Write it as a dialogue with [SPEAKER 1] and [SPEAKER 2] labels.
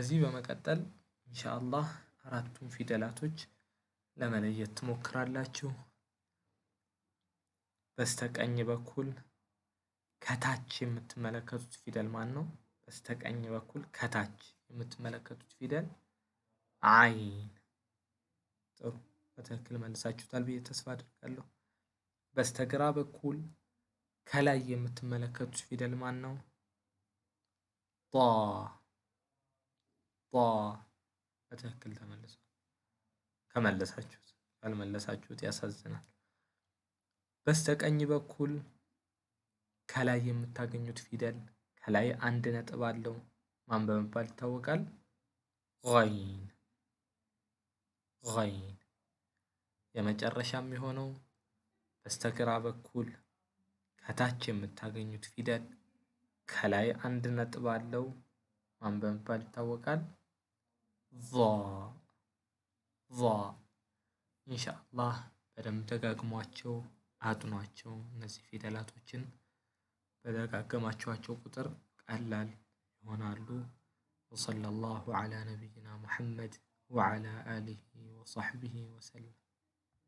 [SPEAKER 1] ከዚህ በመቀጠል ኢንሻአላህ አራቱን ፊደላቶች ለመለየት ትሞክራላችሁ። በስተቀኝ በኩል ከታች የምትመለከቱት ፊደል ማን ነው? በስተቀኝ በኩል ከታች የምትመለከቱት ፊደል አይን። ጥሩ በትክክል መልሳችሁታል ብዬ ተስፋ አድርጋለሁ። በስተግራ በኩል ከላይ የምትመለከቱት ፊደል ማን ነው? ጧ በትክክል ተመልሷል። ከመለሳችሁት ካልመለሳችሁት ያሳዝናል። በስተቀኝ በኩል ከላይ የምታገኙት ፊደል ከላይ አንድ ነጥብ አለው። ማን በመባል ይታወቃል? ይን ይን የመጨረሻም የሆነው በስተግራ በኩል ከታች የምታገኙት ፊደል ከላይ አንድ ነጥብ አለው። ማን በመባል ይታወቃል? ቫ ኢንሻአላህ በደንብ ደጋግሟቸው አጥኗቸው እነዚህ ፊደላቶችን በደጋገማችኋቸው ቁጥር ቀላል ይሆናሉ። ወሰለላሁ ዐላ ነቢይና ሙሐመድ ወዐላ አሊሂ ወሰሕቢሂ ወሰለም።